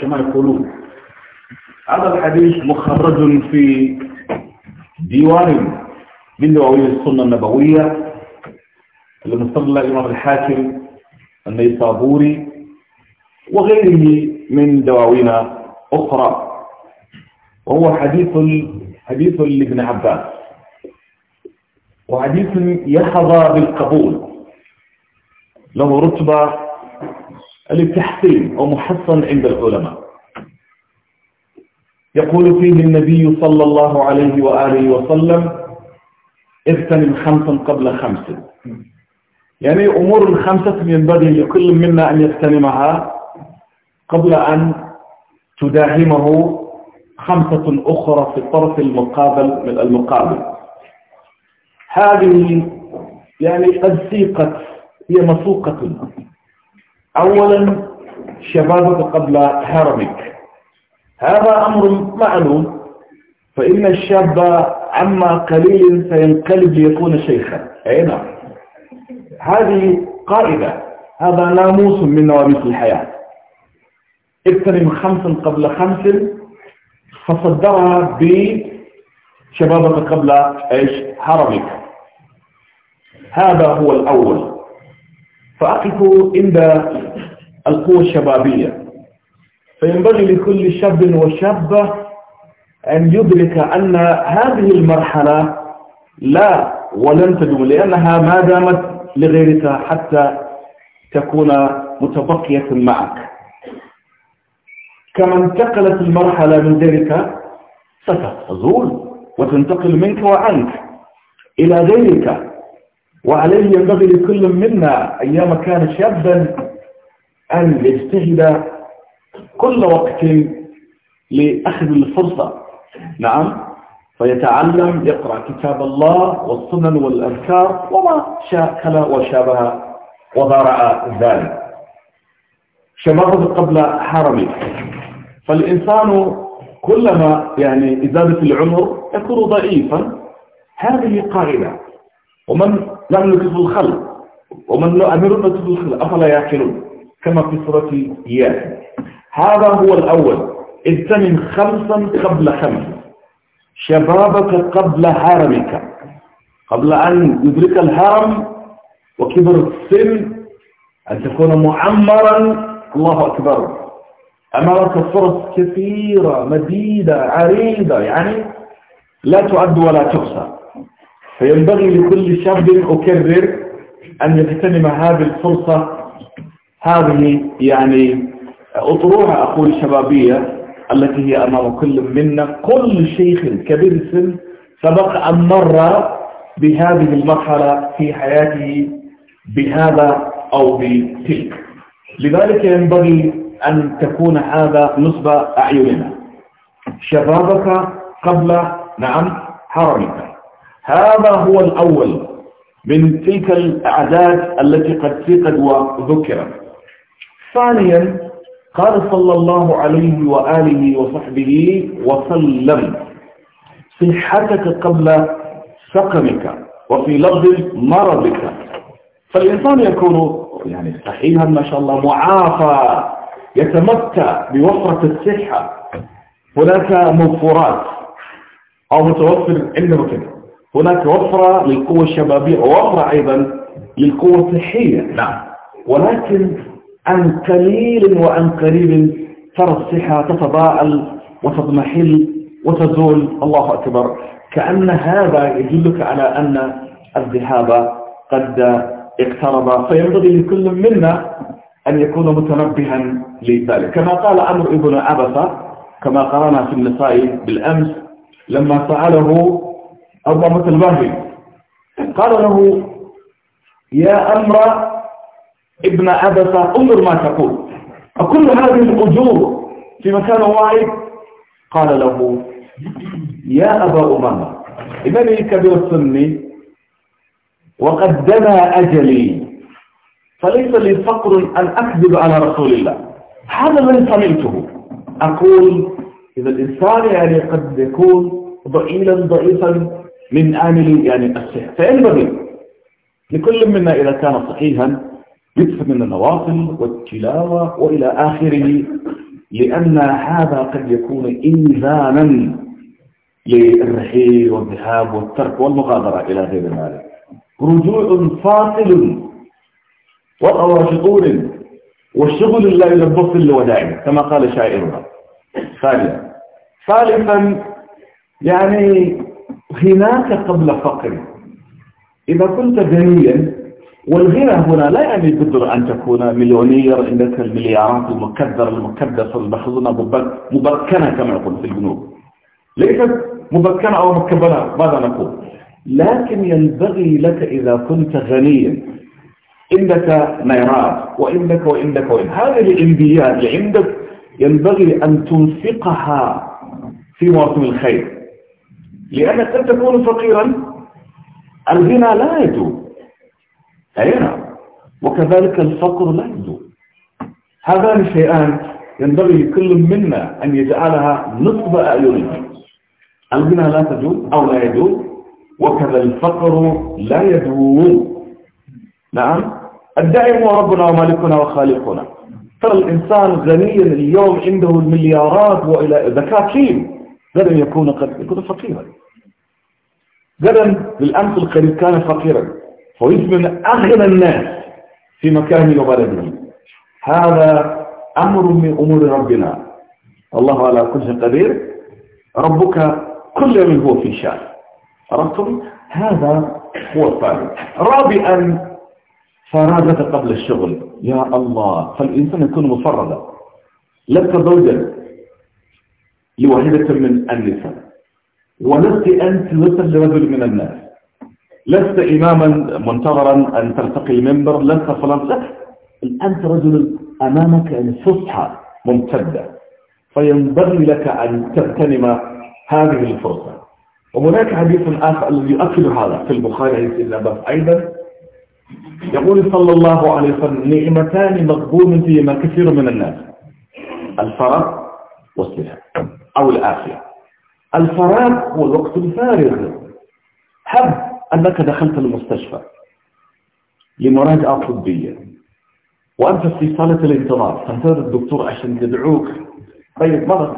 كما يقولون هذا الحديث مخرج في ديوان من دواوين السنة النبوية المصلى الإمام الحاكم النيسابوري وغيره من دواوين أخرى وهو حديث حديث لابن عباس وحديث يحظى بالقبول له رتبة التحصين أو محصن عند العلماء يقول فيه النبي صلى الله عليه وآله وسلم اغتنم خمسا قبل خمس يعني أمور الخمسة ينبغي لكل منا أن يغتنمها قبل أن تداهمه خمسة أخرى في الطرف المقابل من المقابل هذه يعني قد سيقت هي مسوقة أولا شبابك قبل هرمك هذا أمر معلوم فإن الشاب عما قليل سينقلب ليكون شيخا أي نعم هذه قاعدة هذا ناموس من نواميس الحياة اغتنم خمسا قبل خمس فصدرها بشبابك قبل ايش هرمك هذا هو الأول فأقف عند القوة الشبابية فينبغي لكل شاب وشابة أن يدرك أن هذه المرحلة لا ولن تدوم لأنها ما دامت لغيرك حتى تكون متبقية معك كما انتقلت المرحلة من ذلك ستزول وتنتقل منك وعنك إلى غيرك وعليه ينبغي لكل منا أيام كان شابا أن يجتهد كل وقت لأخذ الفرصة نعم فيتعلم يقرأ كتاب الله والسنن والأذكار وما شاكل وشابه وضرع ذلك شبابه قبل حرمه فالإنسان كلما يعني إزادة العمر يكون ضعيفا هذه قاعدة ومن لم يكتب الخلق ومن لا أمر يكتب الخلق أفلا يعقلون كما في سورة ياسر هذا هو الأول اتمن خمسا قبل خمس شبابك قبل هرمك قبل أن يدرك الهرم وكبر السن أن تكون معمرا الله أكبر أمامك فرص كثيرة مديدة عريضة يعني لا تعد ولا تحصى فينبغي لكل شاب أكرر أن يغتنم هذه الفرصة هذه يعني أطروحة أقول شبابية التي هي أمام كل منا كل شيخ كبير السن سبق أن مر بهذه المرحلة في حياته بهذا أو بتلك لذلك ينبغي أن تكون هذا نصب أعيننا شبابك قبل نعم حرمك هذا هو الأول من تلك الأعداد التي قد سقد وذكرت ثانيا قال صلى الله عليه وآله وصحبه وسلم صحتك قبل سقمك وفي لفظ مرضك فالإنسان يكون يعني صحيحا ما شاء الله معافى يتمتع بوفرة الصحة هناك مغفورات أو متوفر عندما كده هناك وفرة للقوة الشبابية ووفرة أيضا للقوة الصحية نعم ولكن عن قليل وعن قريب ترى الصحة تتضاءل وتضمحل وتزول الله أكبر كأن هذا يدلك على أن الذهاب قد اقترب فينبغي لكل منا أن يكون متنبها لذلك كما قال عمرو بن عبسة كما قرانا في النساء بالأمس لما سأله أبو أمة البهري قال له يا أمر ابن عبسة انظر ما تقول أكل هذه الأجور في مكان واحد قال له يا أبا أمامة إبني كبير السن وقد دنا أجلي فليس لي فقر أن أكذب على رسول الله هذا الذي سمعته أقول إذا الإنسان يعني قد يكون ضئيلا ضعيفا من عامل يعني السحر فينبغي لكل منا إذا كان صحيحا يكثر من النوافل والتلاوة وإلى آخره لأن هذا قد يكون إيذانا للرحيل والذهاب والترك والمغادرة إلى غير ذلك رجوع فاصل وقواشطون والشغل لا يلبس الوداع كما قال شاعرنا ثالثا ثالثا يعني غناك قبل فقري إذا كنت غنيا والغنى هنا لا يعني بدر أن تكون مليونير عندك المليارات المكدرة المكدسة المخزونة مبكنة كما يقول في الجنوب ليست مبكنة أو مكبنة ماذا نقول لكن ينبغي لك إذا كنت غنيا عندك نيرات وعندك وعندك وعندك هذه الإنبياء اللي عندك ينبغي أن تنفقها في مواسم الخير لأنك قد تكون فقيرا الغنى لا يدوم أين وكذلك الفقر لا يدوم هذان شيئان ينبغي كل منا أن يجعلها نصب أعينه الغنى لا تدوم أو لا يدوم وكذا الفقر لا يدوم نعم الدائم هو ربنا ومالكنا وخالقنا ترى الإنسان غنيا اليوم عنده المليارات وإلى ذكاكين بدل يكون قد يكون فقيرا بدل بالأمس القريب كان فقيرا فويس من أغنى الناس في مكانه وبلده هذا أمر من أمور ربنا الله على كل شيء قدير ربك كل من هو في شأن عرفتم هذا هو الثاني رابعا فرادة قبل الشغل يا الله فالإنسان يكون مفردا لك زوجا لواحدة من النساء ولست أنت لست لرجل من الناس لست إماما منتظرا أن ترتقي المنبر لست فلان أنت رجل أمامك فصحى ممتدة فينبغي لك أن تغتنم هذه الفرصة وهناك حديث آخر الذي يؤكد هذا في البخاري عن سيدنا عباس أيضا يقول صلى الله عليه وسلم نعمتان مقبول فيهما كثير من الناس الفرح والسلام أو الآخرة الفراغ هو الوقت الفارغ هب أنك دخلت المستشفى لمراجعة طبية وأنت في صالة الانتظار فانتظر الدكتور عشان يدعوك طيب مرض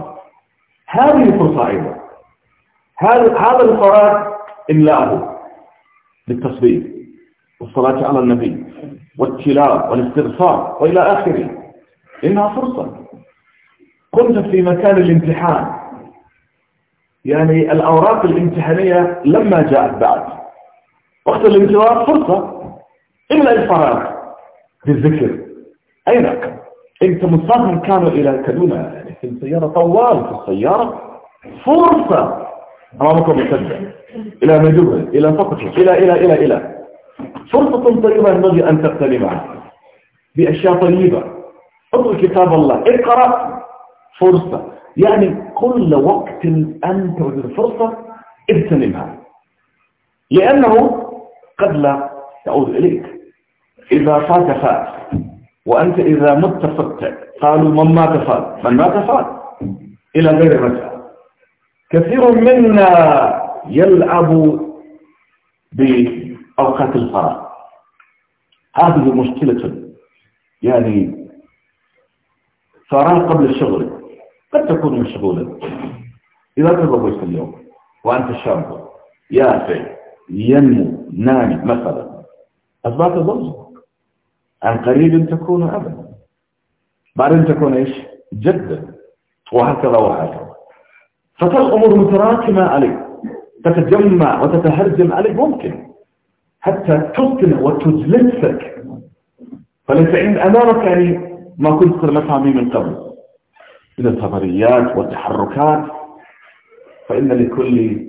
هذه الفرصة أيضا هذا الفراغ إملاءه بالتصبيح والصلاة على النبي والتلاوة والاستغفار وإلى آخره إنها فرصة كنت في مكان الامتحان يعني الأوراق الامتحانية لما جاءت بعد وقت الانتظار فرصة إلا الفراغ بالذكر أين أنت مصاهم كانوا إلى كدونة يعني في السيارة طوال في السيارة فرصة أمامكم مسجد إلى مدوه إلى فقط إلى إلى إلى إلى فرصة طيبة ينبغي أن تغتنمها بأشياء طيبة اطلب كتاب الله اقرأ فرصة يعني كل وقت أنت وجد فرصة اغتنمها لأنه قد لا تعود إليك إذا فات فات وأنت إذا مت فات قالوا من مات فات من مات فات إلى غير رجع كثير منا يلعب بأوقات الفراغ هذه مشكلة يعني فراغ قبل الشغل قد تكون مشغولا إذا تضرب اليوم وأنت شاب يافع ينمو نامي مثلا أصبحت زوجة عن قريب تكون أبا بعدين تكون إيش جدا وهكذا وهكذا فترى الأمور متراكمة عليك تتجمع وتتهرجم عليك ممكن حتى تقنع وتجلسك فليس عند أمامك يعني ما كنت مثلا من قبل من الخبريات والتحركات فإن لكل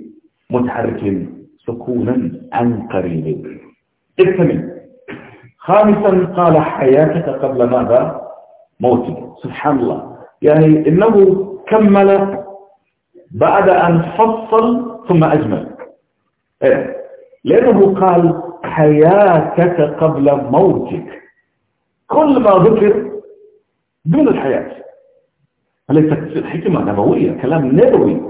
متحرك سكونا عن قريب اكتمل خامسا قال حياتك قبل ماذا موتك سبحان الله يعني إنه كمل بعد أن فصل ثم أجمل إيه؟ لأنه قال حياتك قبل موتك كل ما ذكر دون الحياة فليست حكمة نبوية كلام نبوي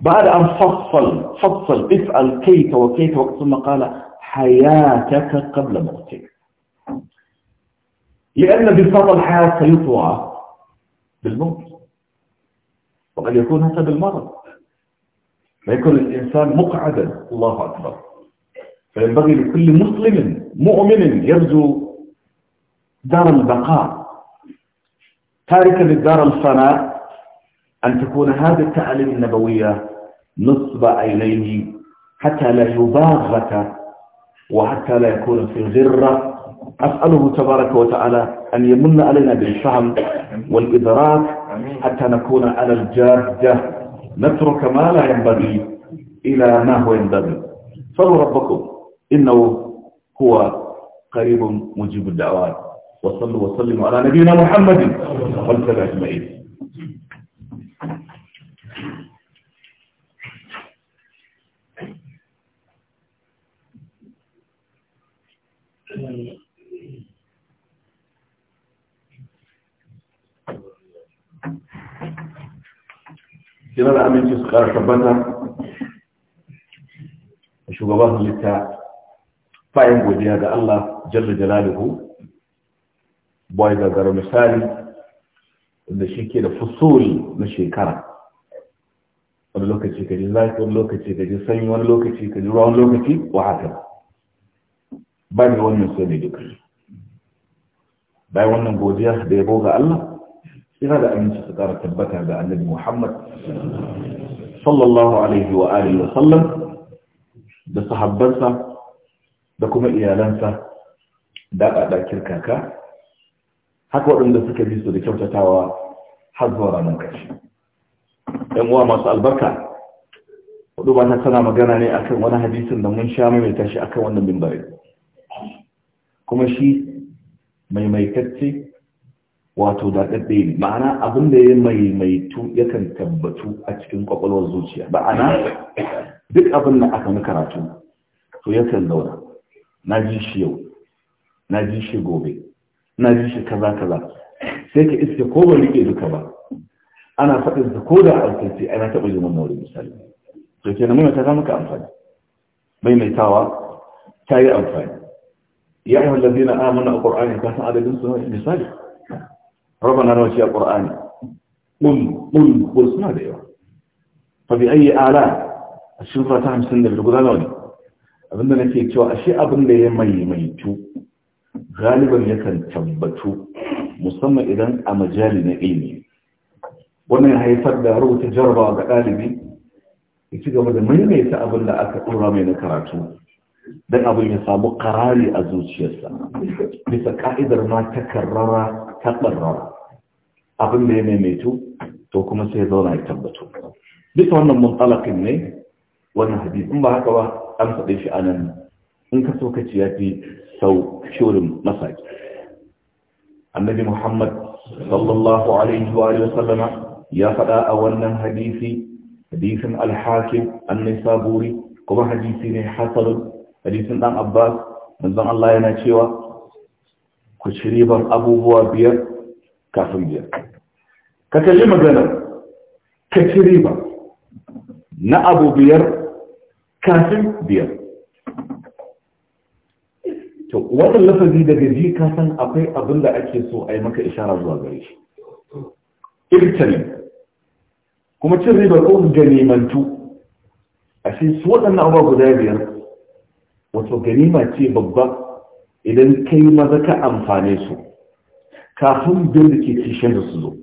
بعد أن فصل فصل افعل كيف وكيف ثم قال حياتك قبل موتك لأن بساطة الحياة سيطوى بالموت وقد يكون هذا بالمرض فيكون الإنسان مقعدا الله أكبر فينبغي لكل مسلم مؤمن يرجو دار البقاء تاركا للدار الفناء أن تكون هذه التعليم النبوية نصب عينيه حتى لا يباغت وحتى لا يكون في غرة أسأله تبارك وتعالى أن يمن علينا بالفهم والإدراك حتى نكون على الجادة نترك ما لا ينبغي إلى ما هو ينبغي صلوا ربكم إنه هو قريب مجيب الدعوات وصلوا وسلموا على نبينا محمد والسلام أجمعين kira da aminci su kara tabbata a shugaban halitta fayin godiya ga Allah jalla jalaluhu boy gagara misali wanda shi ke da fusul na shekara wani lokaci ka ji zafi wani lokaci ka ji sanyi wani lokaci ka ji ruwa wani lokaci wa haka ba ne wannan so ne duka bayan wannan godiya da yabo ga Allah yana da aminci su kara tabbata ga annabi Muhammad sallallahu alaihi wa alihi wa sallam da sahabbansa da kuma iyalansa da ɗaɗa kirkaka haka waɗanda suka bi su da kyautatawa har zuwa ranar ƙarshe ɗan uwa masu albarka hudu ba ta tana magana ne akan wani hadisin da mun sha maimaita shi akan wannan mimbari kuma shi maimaitacce wato ɗaɗɗe ne ma'ana abin da ya maimaitu yakan tabbatu a cikin ƙwaƙwalwar zuciya ma'ana duk abin da aka na karatu to yakan zauna na ji shi yau na ji shi gobe na ji shi kaza kaza sai ka iske ko ba rike duka ba ana faɗin ta ko da alkaci ana taɓa jin wannan wurin misali to kenan mai ta maka amfani maimaitawa ta yi amfani ya ayyuhal ladina amanu alqur'ani ka san adadin su misali Raba na nawa shi alqur'ani qul qul qul suna da yawa fa bi ayi ala a shin fata hamsin da guda nawa ne abinda nake cewa ashe abin da ya mai mai tu galiban yakan tabbatu musamman idan a majali na ilimi wannan haifar da rubuta jarabawa ga ɗalibi ya ci gaba da maimaita abin da aka ɗora mai na karatu don abin ya samu karari a zuciyarsa bisa ka'idar ma ta karrara ta ɓarrara abin da ya maimaito to kuma sai zauna ya tabbato bisa wannan muntsalakin ne wannan hadisi in ba haka ba an faɗe shi a nan in ka so ka ci ya fi sau shorin masaki annabi muhammad sallallahu alaihi wa sallama ya faɗa a wannan hadisi hadisin alhakim annai saburi kuma hadisi ne hasalun hadisin ɗan abbas manzon allah yana cewa ku ci ban abubuwa biyar kafin biyar ka kalli magana ka ci ba, na abu biyar kafin biyar to wannan lafazi daga ji ka san akwai abin da ake so a yi maka ishara zuwa gare shi irtani kuma cin riba ko ganimantu a shi su waɗannan abubuwa guda biyar wato ganima ce babba idan yi maza ka amfane su kafin bin da ke kishiyar da su zo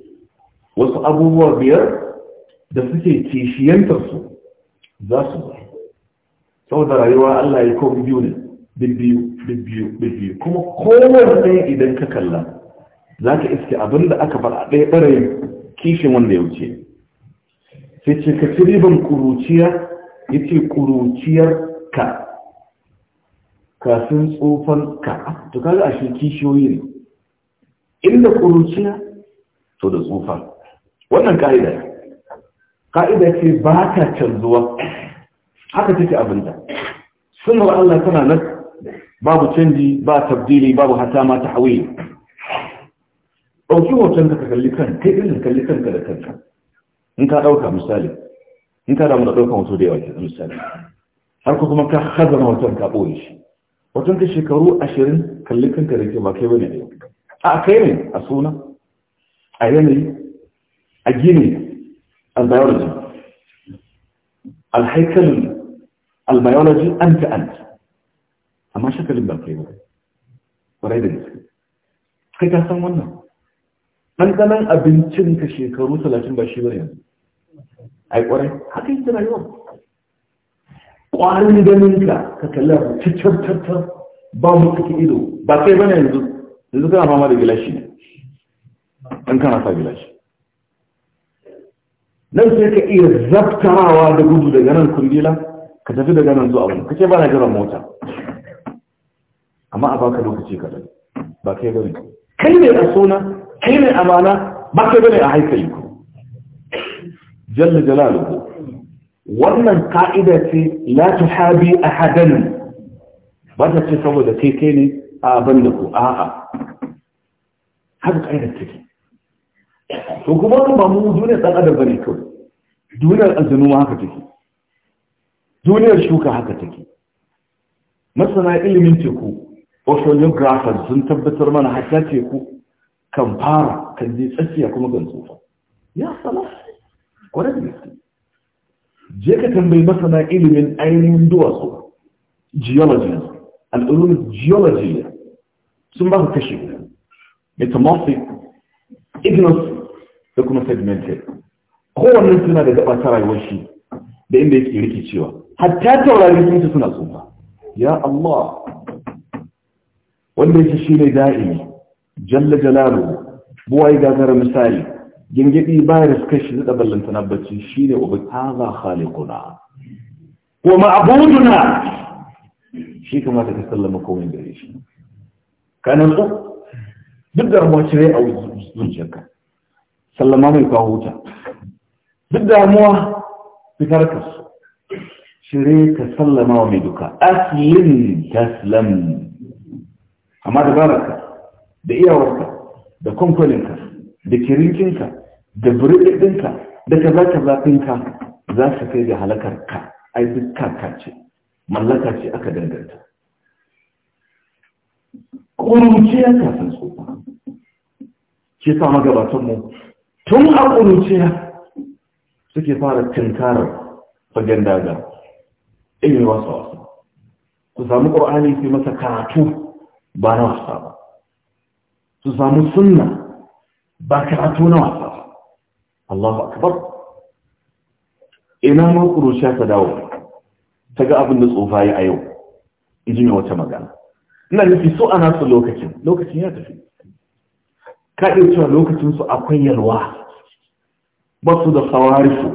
wasu abubuwa biyar da suke kishiyantar su za su zo saboda rayuwa Allah ya komi biyu ne biyu bibbiyu bibbiyu kuma kowane idan ka kalla za ka iske abin da aka faɗa ɗaya ɓarayin kishin wanda ya wuce sai ce ka ci riban kuruciya ya ce kuruciyar ah, ka kafin tsofan ka to kaga ashe kishiyoyi ne inda kuruciya to da tsufa wannan ka'ida ka'ida ce ba ta canzuwa haka take abinda sunar Allah tana nan باب تنجي باب تبديلي باب هتاما تحويل أوجوه تنجي تكلفان تقل تكلفان كده تنجي انت أوكا مسالي انت لا من أدوكا وصودي أوكا مسالي هركو كما كخذنا وتنجي أبويش وتنجي شكرو أشيرين كلفان كده كما كيبني يعني؟ أيوك آه، أكيرين أسونا أيامي أجيني البيولوجي الحيكل البيولوجي أنت أنت amma shakalin ba kai ba kwarai da nisa kai ka san wannan ɗanɗanan abincin ka shekaru talatin ba shi ba yanzu ai kwarai haka yi rayuwa ƙwarin ganin ka ka kalla abu ciccar ba mu suke ido ba kai ba yanzu yanzu kana fama da gilashi ne an kana sa gilashi nan sai ka iya zaftarawa da gudu daga nan kundila ka tafi daga nan zuwa wani kake ba na jiran mota amma a baka lokaci kaɗan ba kai bane kai ne a suna kai ne amana ba kai bane a haifa ku jalla jalaluhu wannan ka'ida ce la tuhabi ahadan ba ta ce saboda kai kai ne a ban da ku a'a haka ka'idar take to kuma ba mu duniyar ɗan adam bane kawai duniyar azumi haka take duniyar shuka haka take masana ilimin teku oceanographers sun tabbatar mana hatta teku kan fara kan je tsakiya kuma kan tsufa ya salam kwarar gaske je ka tambayi masana ilimin ainihin duwatsu geology al'ulumin geology sun ba ka kashe metamorphic da kuma segmented kowannen suna da gaba ta rayuwar shi da inda yake rikicewa hatta taurari sun suna tsufa ya Allah wanda ya yake shine da'imi jalla jalalu buwai gagara misali gingidi ba da suka shi da ballanta na bacci shi ne shine ubi taza khaliquna wa ma'buduna shi kamata ka sallama komai gare shi kanan ku duk da ce cire a zuciyarka sallama mai kawo wuta duk damuwa fitar ka shire ka sallama wa mai duka aslin taslam amma dabararka da iyawarka da kwankwalinka da kirikinka, da buridinka da ka za ka zafinka za ka kai ga halakar ka ai duk kaka ce mallaka ce aka danganta ƙuruciya kafin tsofa ke sa magabatanmu tun a ƙuruciya suke fara tinkarar fagen daga irin wasa wasa ku samu ƙur'ani sai masa karatu ba na wasa ba su samu sunna ba karatu na wasa ba Allahu akbar ina ma kurusha ta dawo ta ga abin da tsofa ya a yau ne wata magana ina nufi so ana su lokacin lokacin ya tafi ka iya cewa lokacin su akwai yalwa ba su da sawarifu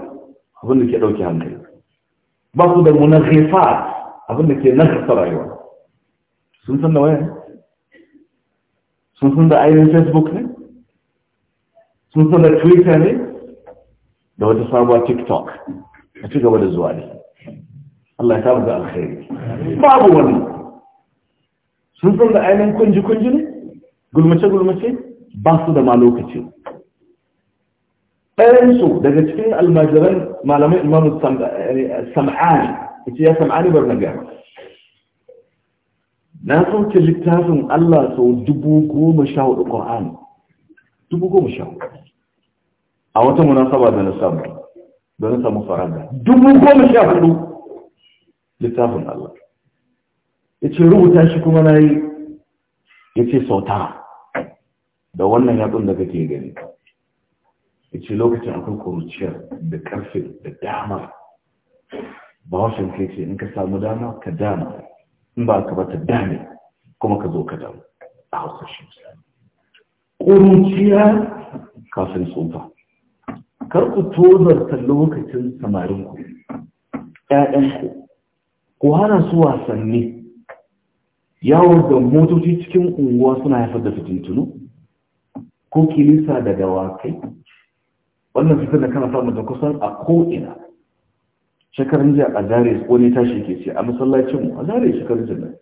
abin da ke ɗauki hankali ba su da munazifa abin da ke nan nakasa rayuwa sun san da wayan sun san da ainihin facebook ne sun san da twitter ne da wata sabuwa tiktok a ci gaba da zuwa ne Allah ya samu da alkhairi babu wani sun san da ainihin kunji-kunji ne gulmace-gulmace ba su da ma lokaci ɗayansu daga cikin almajiran malamai imamu sam'ani ya sam'ani bar na gaba na sauke littafin Allah sau dubu goma sha hudu ƙwa'an dubu goma sha hudu a wata munasaba da na samu da na samu dubu goma sha hudu littafin Allah ya ce rubuta shi kuma na yi ya ce sauta da wannan yatsun da kake gani ya ce lokacin akwai kuruciyar da karfe da dama ba wasan kai ce in ka samu dama ka dama in ba ka bata dame kuma ka zo ka damu a shi kafin tsufa kar ku tozarta lokacin samarinku ‘ya'yanku ku hana su wasanni yawo da motoci cikin unguwa suna haifar da fitintunu ko kilisa da dawakai wannan fitar da kana samun da kusan a ko'ina shekarun jiya a zare su ne tashi ke ce a masallacin mu a zare shekarun jiya nan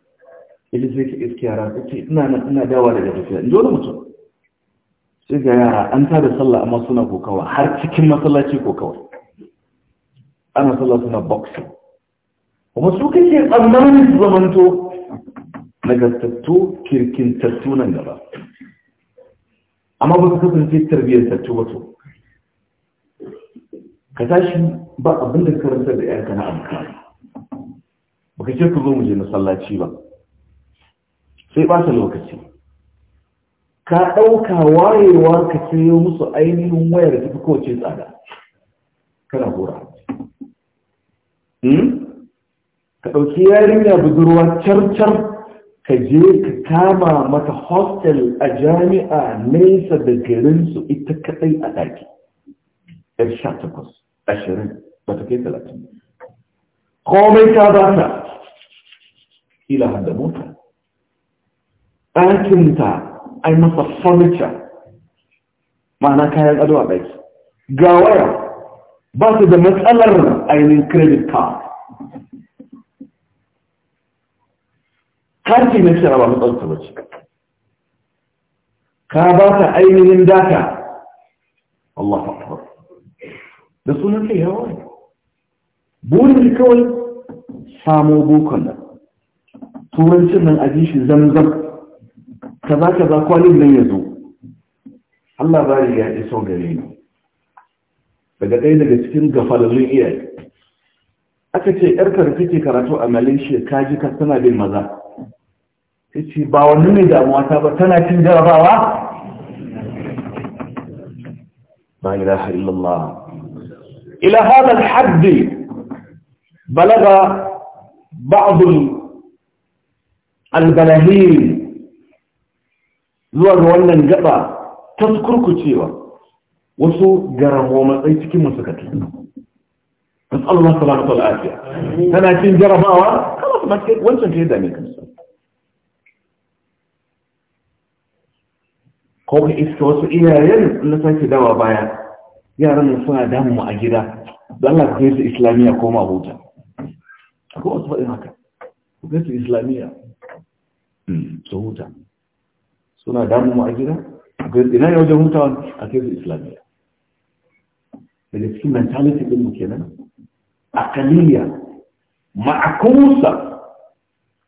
ita sai ka iske yara ta ce ina nan ina dawa daga tafiya in ji wani mutum sai ga yara an ta da sallah amma suna kokawa har cikin masallaci kokawa ana sallah suna boxing kuma su kake tsammanin su zamanto nagartattu kirkin nan gaba amma ba ka kasance tattu ba to ka tashi ba abin da karanta da yanka na alkali baka ce ku zo mu je masallaci ba sai ba ta lokaci ka ɗauka wayewa ka sayo musu ainihin wayar da tafi kowace tsada kana hura hmm? ka ɗauki yarinya budurwa carcar ka je ka kama mata hostel a jami'a nesa da garinsu ita kaɗai a ɗaki 18 ashirin بتكيت لكن قومي كذا إلى هذا موتا أنت أنت أي مصر صمتا معنى كان الأدواء بيت قاوية بس إذا مسألة أي من كريدت كارد كارتي نفسي ربا من أجل وجه كاباتا أي من داتا الله أكبر ده سنة فيها وين burin kawai samo bokon nan turancin nan a shi zamzam kaza kaza kwalin nan ya zo Allah bari ya iso gare ni daga ɗaya daga cikin gafalallun iyaye aka ce yarka da take karatu a malaysia ka ji ka tana bin maza ta ce ba wani mai damuwa ta ba tana cin jarabawa ba ilaha ila hada haddi بلغ بعض البلاهير zuwa ga wannan gaba ta kurkucewa wasu garamo matsayi cikin masu kati Allah salamatu al'afiya tana cin jarabawa kama su mace wancan ta yi dame kansu ko ka iska wasu iyayen na sake dawa baya yaran suna damu a gida don Allah ka yi su islamiyya ko mabuta akwai wasu faɗin haka gwamnati islamiyya hmm. su huta suna damu mu a gida ina ya wajen hutawan a kai su islamiyya daga cikin mentality ɗin mu kenan akaliya ma'akunsa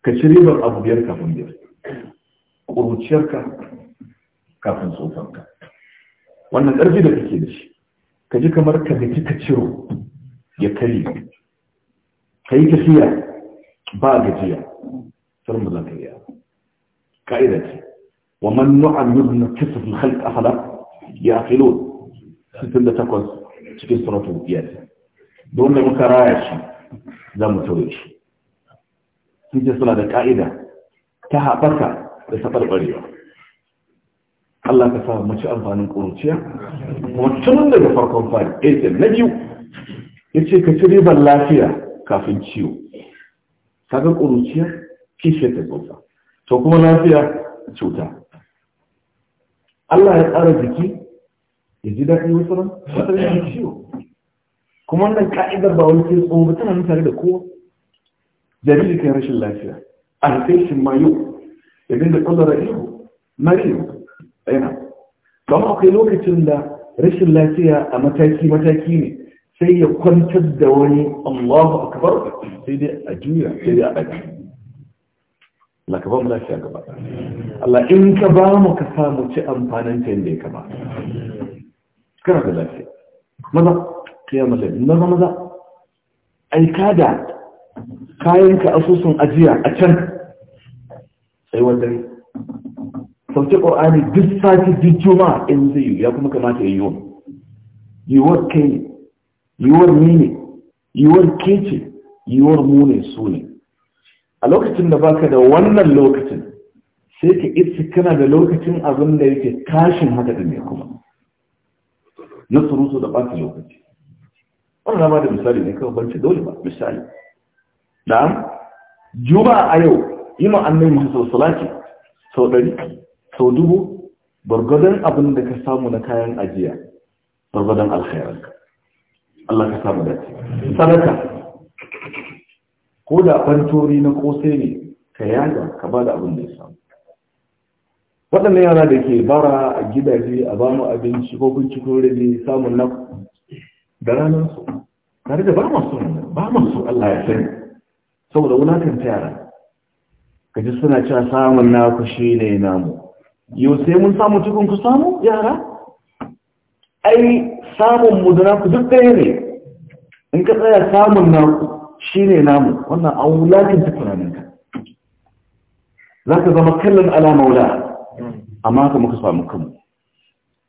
ka ci ribar abu biyar kafin biyar ƙuruciyarka kafin tsofanka wannan ƙarfi da kake da shi ka ji kamar ka gaji ka ciro ya kare ka yi tafiya ba gajiya sarar ba zan ka yi ka'ida ce wa man nu'an yuzna kisa na halka afala ya filo 68 cikin suratun biyar don da muka raya shi za mu sauye shi sun ce suna da ka'ida ta haɓaka da taɓarɓarewa. Allah ka sa ci amfanin ƙuruciya kuma tun daga farkon fari ɗaya eh, na biyu ya ce ka ci ribar lafiya kafin ciwo kaga ƙuruciya kishe ta tsotsa to kuma lafiya cuta Allah ya tsara jiki ya ji daɗi wasu ran wasu ran ciwo kuma wannan ka'idar ba wani kai tsohon tana nan tare da kowa jariri kai rashin lafiya a rikashin mayu ya dinga tsallara ihu mariyu na Kama akwai lokacin da rashin lafiya a mataki-mataki ne sai ya kwantar da wani Allahu akbar sai dai a juya sai dai a daga Allah ka ba mu lafiya gaba Allah in ka ba mu ka samu ci amfanin ta yadda ya kama. kana da lafiya maza kiyamar lafiya maza maza aika da kayanka asusun ajiya a can sai wanda ne. sauke ƙorani duk sati duk juma'a in zai yi ya kuma kamata ya yi yiwuwa yiwuwar kai yiwuwar ni ne yiwuwar ke ce yiwuwar mu ne su ne a lokacin da baka da wannan lokacin sai ka isi kana da lokacin abin da yake tashin haka da mai kuma na surutu da ɓata lokaci wani rama da misali ne kawai banci dole ba misali na'am Juba a yau yi ma masu salati sau ɗari sau dubu gwargwadon abin da ka samu na kayan ajiya gwargwadon alkhairanka Allah ka samu ce. sadaka ko da kwantori na kosai ne ka yaga ka ba da abin da ya samu waɗannan yara da ke bara a gidaje a ba mu abinci ko kun da rabi samun na da ranar su tare da ba masu ba masu Allah ya sani saboda kan ta yara ka ji suna cewa samun naku shi ne namu yau sai mun samu cikin ku samu yara ai samun muda naku duk ɗaya ne in ka tsaya samun naku shi ne namu wannan an wulakin ta tunaninka za ka zama kallon alama wula amma ka muka samu kanmu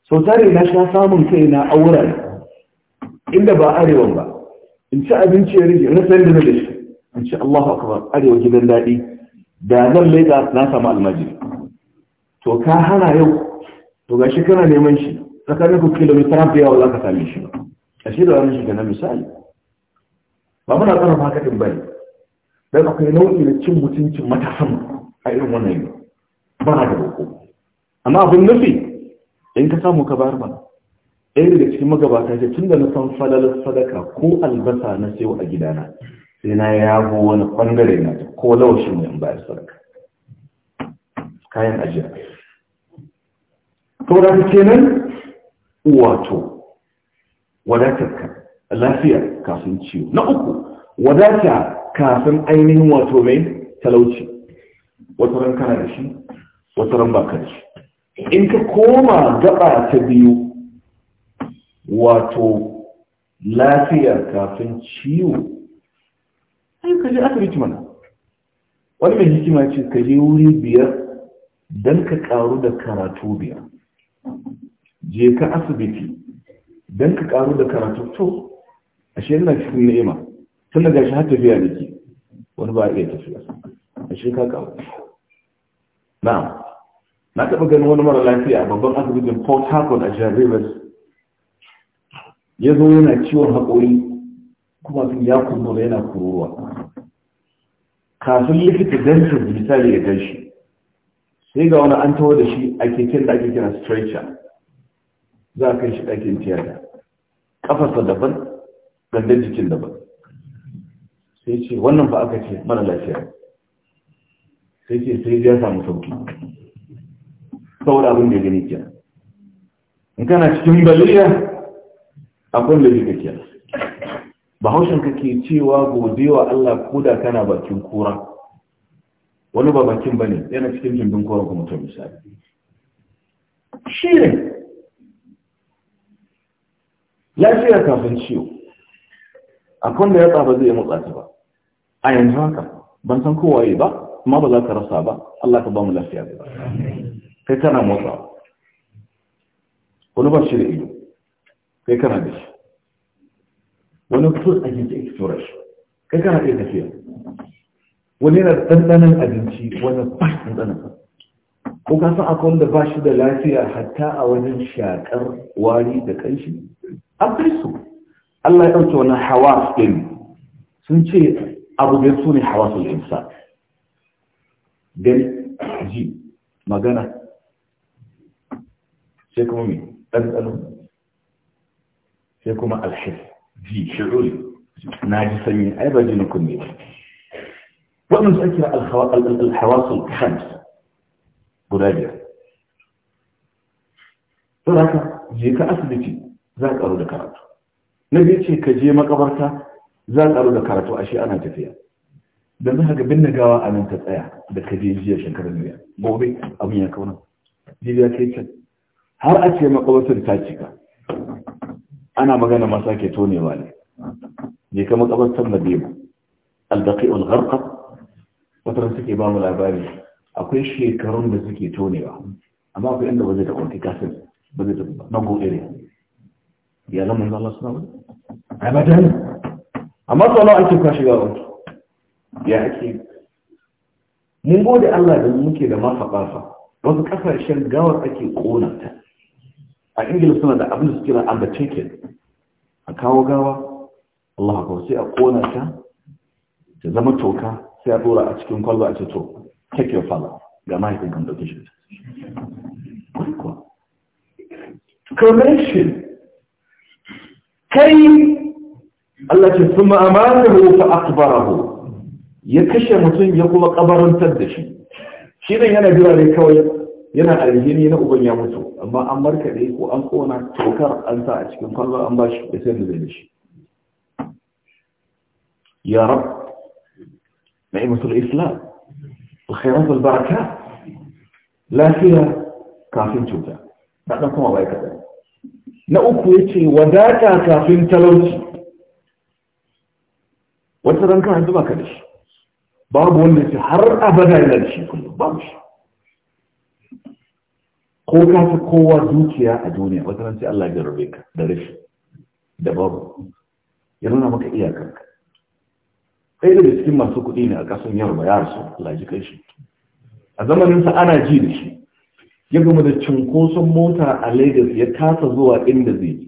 sau tare na sha samun kai na auren inda ba arewan ba in ci abinci ya rage na sayar da na dashi in ci allahu akbar arewa gidan daɗi da zan laiɗa na samu almajiri to ka hana yau to gashi shi kana neman shi tsakanin ku kilomita fiye wa za ka same shi ba a shi da wani shiga na misali ba muna ƙarfafa haka ɗin bane akwai nau'i na cin mutuncin matasan a irin wannan yi ba na da roƙo amma abin nufi in ka samu ka bayar mana ɗaya daga cikin magabata ce tun da na san falalar sadaka ko albasa na sayo a gidana sai na yago wani ɓangare na ko laushin in bayar sadaka kayan ajiya to da kenan wato ka lafiya kafin ciwo na uku wadata kafin ainihin wato mai talauci wata ran kana da shi wata ran baka da shi in ka koma gaba ta biyu wato lafiya kafin ciwo ai ka je asibiti mana wani mai hikima ce ka je wuri biyar don ka karu da karatu biyar je ka asibiti don ka karu da karatu to ashe yana cikin ni'ima tun da gashi har tafiya da ke wani ba a iya tafiya ashe ka karu Na. na taɓa ganin wani mara lafiya a babban asibitin port harcourt a jihar rivers ya zo yana ciwon haƙori kuma sun ya kuma yana kururuwa kafin likita dentin misali ya gan shi sai ga wani an tawo da shi a keken da ake kira stretcher za a kai shi ɗakin tiyata ƙafarsa daban gandun jikin daban sai ce wannan ba aka ce mara lafiya sai ce sai ya samu sauki saboda abin da ya gani kiyar in kana cikin baliya akwai da jika kiyar bahaushen kake cewa gobe wa Allah ko da kana bakin kura wani ba bakin bane yana cikin jindin kura kuma ta misali shi ne lafiya kafin ciwo akwai da ya ba zai matsa ta ba a yanzu haka ban san kowaye ba amma ba za ka rasa ba Allah ka ba mu lafiya ba kai kana motsa wani ba shi da ido kai kana da shi wani kusur abinci ake tura shi kai kana iya tafiya wani yana ɗanɗanan abinci wani ba shi ɗanɗanan ko ka san akwai wanda ba shi da lafiya hatta a wajen shakar wari da kanshi an kai su Allah ya ɗauke wannan hawas ɗin sun ce abu biyar su ne hawasul insa gani ji magana sai kuma mai ɗanɗano sai kuma alhif ji shi'uri na ji sanyi ai ba na kunne ba waɗanda su ake alhawasul khams guda biyar. Saboda je ka asibiti za karu da karatu na biyu ce ka je makabarta za karu da karatu ashe ana tafiya da za ga bin gawa a nan ta tsaya da ka je jiya shekarar duniya gobe abin ya kauna jiya kai can har a ce makabartar ta cika ana magana ma sake tonewa ne je ka makabartar na biyu albaƙi ulgarka wata suke ba mu labari akwai shekarun da suke tonewa amma akwai inda ba zai taɓa kai kasin ba zai taɓa na gobe ne iyalan manzo Allah suna wani abadan amma sau nawa ake kwashi ga wani ya ake mun gode Allah da muke da mafaɓafa wasu ƙasashen gawar ake ƙonata. a ingila suna da abin da suke na undertaken a kawo gawa Allah haka sai a ƙonata, ta zama toka sai a dora a cikin kwalba a ce to take your father ga mahaifin kan dauke shi ta كريم التي ثم أماته فأقبره يكشى مطيم يقول قبر تدش شيرا ينا جلالي كوي ينا أليهين ينا أبن يمتو أما أمرك ليك وأنقونا توكر أنت أتكن فالله أنباش بسن ذلش يا رب نعمة الإسلام الخيرات والبركات لا فيها كافين توتا نحن كما بايك ذلك na uku ya ce wadata kafin talauci wata ranka hanzu ba ka da shi babu wanda ce har abada yana da shi kullum babu shi ko ka kowa dukiya a duniya wata ranci Allah ya rabe ka da rashi da babu ya nuna maka ka. ɗaya daga cikin masu kuɗi ne a ƙasan yarba ya rasu Allah ji kai shi a zamaninsa ana ji da shi ya gama da cunkoson mota a lagos ya kasa zuwa inda zai je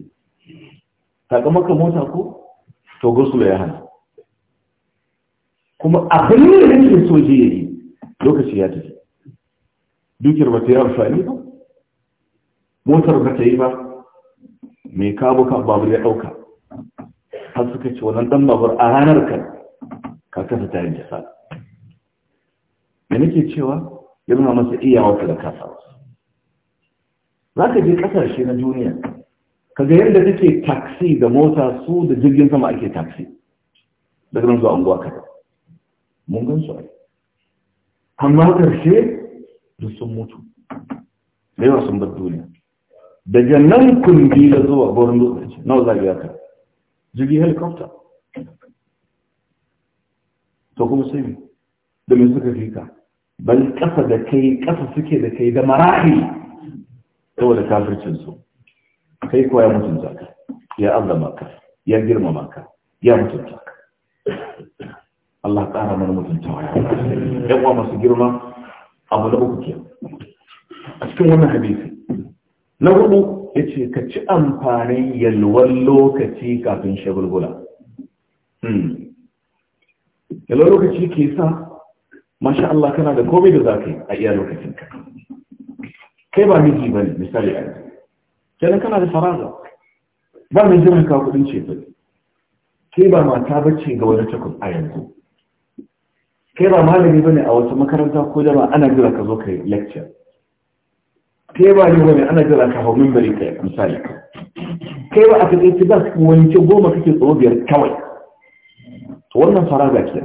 Takamaka mota ko to gosula ya hana kuma a abin da yake so ya yi lokaci ya tafi dukiyar ba ta yi amfani ba motar ba ta yi ba mai kabo kan babur ya ɗauka har suka ce wannan ɗan babur a ranar kan kakasa ta yi jasa da nake cewa yana masa masa iyawa da kasawa za ka je ƙasashe na duniya ka ga yadda take taxi da mota su da jirgin sama ake taxi daga nan zuwa unguwa kada mun gan su amma karshe da sun mutu da yawa sun bar duniya daga nan kundi da zuwa borin lokaci nawa za biya ka jirgin helicopter to kuma sai da me suka fi ka bal ƙasa da kai ƙasa suke da kai da marahi saboda kafircinsu kai kuwa ya mutunta ka ya azama ka ya girmama ka ya mutunta ka Allah ƙara mana mutuntawa ya ya kuwa masu girma abu na uku ke a cikin wannan hadisi na hudu ya ce ka ci amfanin yalwar lokaci kafin shagulgula hmm. yalwar lokaci ke sa masha Allah kana da komai da za ka yi a iya lokacinka kai ba miji ba ne misali a yanzu kenan kana da faraga ba mai jiran ka kudin ce ba kai ba mata bace ga wani takwas a yanzu kai ba malami ba ne a wata makaranta ko jama ana jira ka zo ka yi lecture kai ba ne ba ne ana jira ka hau mimbari ka yi misali kai ba a takaice ba su wanke goma kake tsoro biyar kawai to wannan faraga ke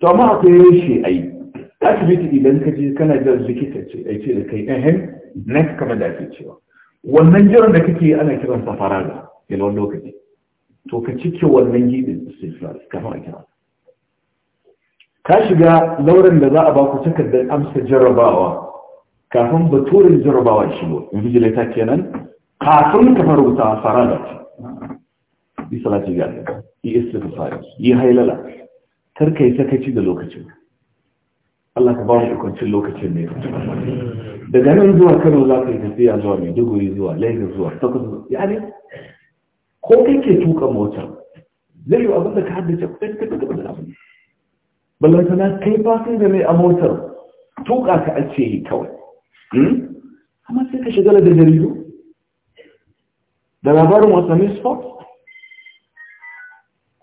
to amma akwai shi a yi ta idan ka je kana jiran likita ce a ce da kai ehem net kamar da ake cewa wannan jiran da kake ana kiran sa faraga yawan lokaci to ka cike wannan gidin istighfar kafin a kira ka shiga lauren da za a baku da amsa jarabawa kafin baturin jarabawa shi ne invigilator kenan kafin ka fara rubuta faraga ce yi salati ga yi istighfar yi hailala kar sakaci da lokacin Allah ka ba mu ikwancin lokacin ne daga nan zuwa kano za ka yi tafiya zuwa maiduguri zuwa lagos zuwa takwas ya ne ko kai ke tuka motar zai yi abin da ka haddace kudin ka daga wani abu ballanta na kai fasin da mai a motar tuka ka a ce kawai amma sai ka shigala da jaridu da labarin wasannin sport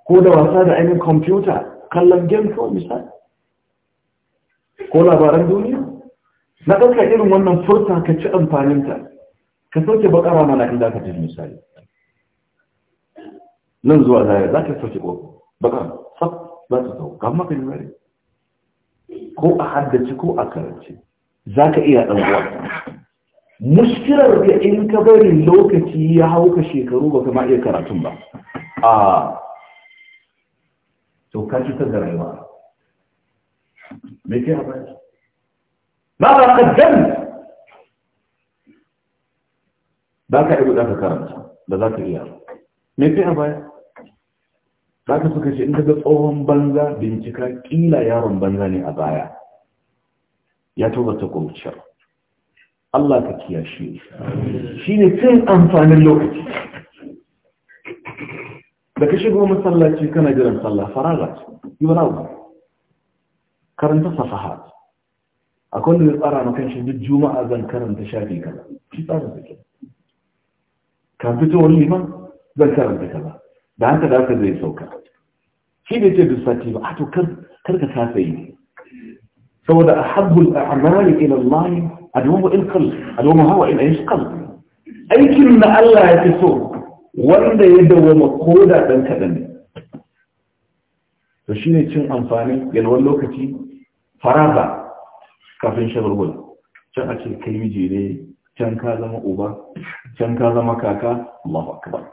ko da wasa da ainihin kwamfuta kallon game ko misali ko labaran duniya na ɗauka irin wannan furta ka ci amfaninta ka sauke bakara mana in za ka ji misali nan zuwa zaya za ka sauke bakara sab za ta sau ga maka jimare ko a haddace ko a karance za ka iya ɗan Muskirar da in ka bari lokaci ya hauka shekaru ba kama iya karatun ba a to ka ta da rayuwa me kai haɓari ba ba ƙaddan ba ka ɗago za ka karanta da za ka iya me kai haɓari za ka suka ce in ka ga tsohon banza bincika ƙila yaron banza ne a baya ya tuba ta ƙuruciyar Allah ka kiyashe shi ne amfanin lokaci da ka shigo masallaci kana jiran sallah faraga كرنت صفحات أكون بالقرى ما كانش في الجمعة ذن كرنت شافي كذا في قرى كذا كان في تقول لي ما ذن كرنت كذا ده أنت ده كذا يسوق كذا في بيت بساتي وعطوا كر كرك ثلاثين سوى أحب الأعمال إلى الله أدوم إن قل أدوم هو إن إيش قل أي كلمة الله يسوق وين ده يدوم قودا ذن كذا to shine cin amfanin yalwan lokaci faraba kafin shagulgula can a ce kai miji ne can ka zama uba can ka zama kaka Allahu akbar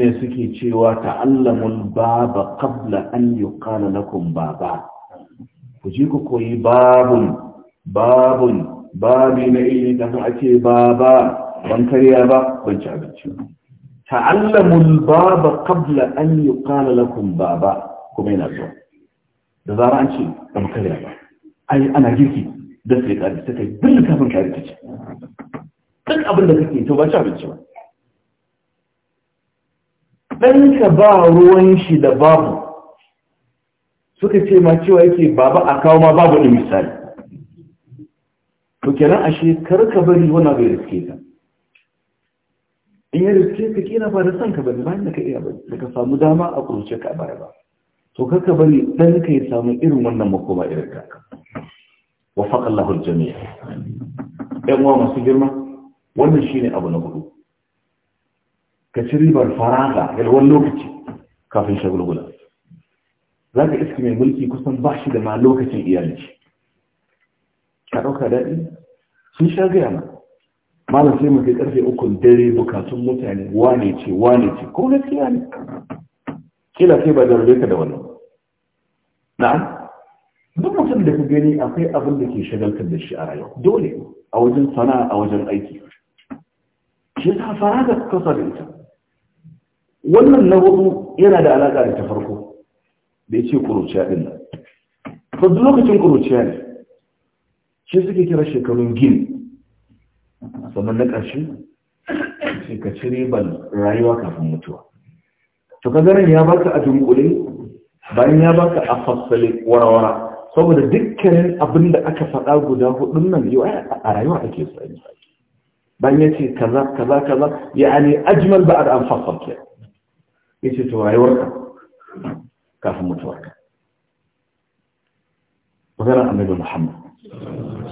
ne suke cewa ta'allamul baba kabla an yuqala lakum baba ku ji ku koyi babun babun babi na ilimi kafin ake baba ban karya ba ban ci abinci ba ta'allamul baba qabla an yuqala lakum baba kuma yana zuwa da zara an ce ba mu karya ba ai ana girki da sai kare ta kai bin kafin kare ta ce duk abin da kake to ba ci abinci ba ɗanka ba ruwan shi da babu suka ce ma cewa yake baba a kawo ma babu ne misali to kenan ashe karka bari wannan bai riske ka in ya riske ka kina ba da son ka bane bayan da ka iya bane da ka samu dama a kurce ka baya ba to kaka bari dan ka yi samu irin wannan makoma irin ka wa Allahu al-jami' ɗan uwa masu girma wannan shi ne abu na hudu ka ci ribar faraga yalwan lokaci kafin shagulgula za ka iska mai mulki kusan ba shi da ma lokacin iyalici ka ɗauka daɗi sun sha gaya ma malam sai mu kai karfe ukun dare bukatun mutane wane ce wane ce ko gaskiya ne kila sai ba jarabe ka da wannan na'am duk mutum da ka gani akwai abin da ke shagaltar da shi a rayuwa dole a wajen sana'a a wajen aiki shi ta fara da kasarinta ita wannan na hudu yana da alaƙa da ta farko da ya ce kuruciya ɗin nan to lokacin kuruciya ne shi suke kira shekarun gini sannan na ƙarshe sai ka ci riban rayuwa kafin mutuwa to ka ganin ya baka a dunkule bayan ya baka a fassale warawara saboda dukkanin abin da aka faɗa guda hudun nan yau a rayuwa ake sani bayan ya ce kaza kaza kaza ya ne ajmal ba da an fassal ke ya ce to rayuwarka kafin mutuwarka maganar annabi muhammad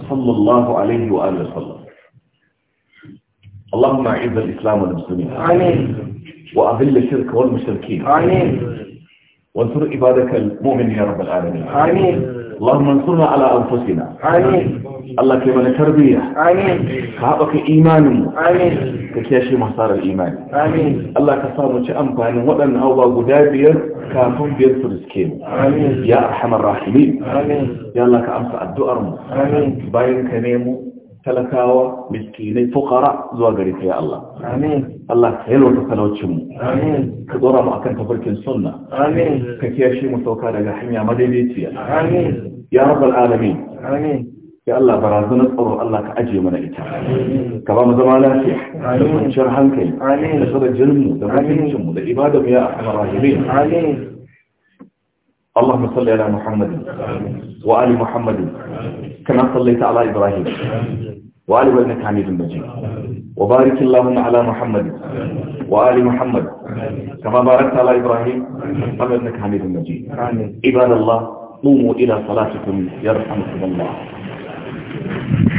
sallallahu alaihi wa alihi wa sallam اللهم اعز الإسلام والمسلمين آمين وأذل الشرك والمشركين آمين وانصر عبادك المؤمن يا رب العالمين آمين اللهم انصرنا على أنفسنا آمين الله كما تربية آمين كعبك إيمان آمين كيشي محصار الإيمان آمين الله كصار كصامك أنفان ودن او قدابير كافون بيت سكين آمين يا أرحم الراحمين آمين يا الله كأمس الدؤر آمين باين كنيمو talakawa miskinai fukara zuwa gari ta ya Allah Allah ka yalwata talaucinmu ka tsora mu akan tafarkin sunna ka kiyashe mu sauka daga hanya madaidaiciya ya rabbal alamin ya Allah barazanar tsaro Allah ka ajiye mana ita ka ba mu zama lafiya da kwanciyar hankali da shirin jininmu da mutuncinmu da ibadarmu ya Amin. اللهم صل على محمد وآل محمد كما صليت على إبراهيم وآل ابنك حميد مجيد وبارك اللهم على محمد وآل محمد كما باركت على إبراهيم وآل ابنك حميد مجيد عباد الله قوموا إلى صلاتكم يرحمكم الله